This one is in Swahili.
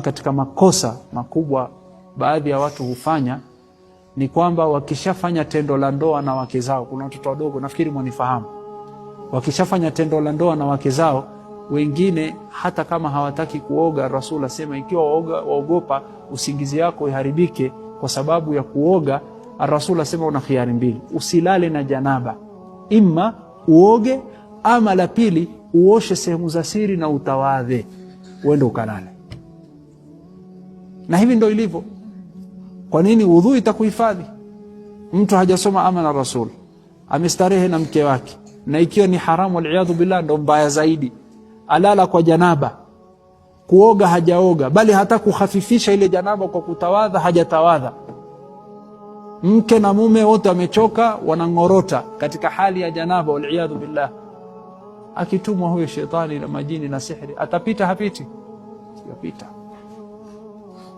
Katika makosa makubwa baadhi ya watu hufanya ni kwamba wakishafanya tendo la ndoa na wake zao, kuna watoto wadogo, nafikiri mwanifahamu, wakishafanya tendo la ndoa na wake zao, wengine hata kama hawataki kuoga, Rasul asema ikiwa waoga, waogopa usingizi yako iharibike kwa sababu ya kuoga, Rasul asema una khiari mbili, usilale na janaba, imma uoge, ama la pili uoshe sehemu za siri na utawadhe, uende ukalale na hivi ndo ilivyo. Kwa nini udhu itakuhifadhi? Mtu hajasoma amana rasul, amestarehe na mke wake, na ikiwa ni haramu, waliyadhu billah, ndo mbaya zaidi. Alala kwa janaba, kuoga hajaoga, bali hata kuhafifisha ile janaba kwa kutawadha, hajatawadha. Mke na mume wote wamechoka, wanang'orota katika hali ya janaba, waliyadhu billah. Akitumwa huyo shetani na majini na sihri, atapita hapiti? Siyapita.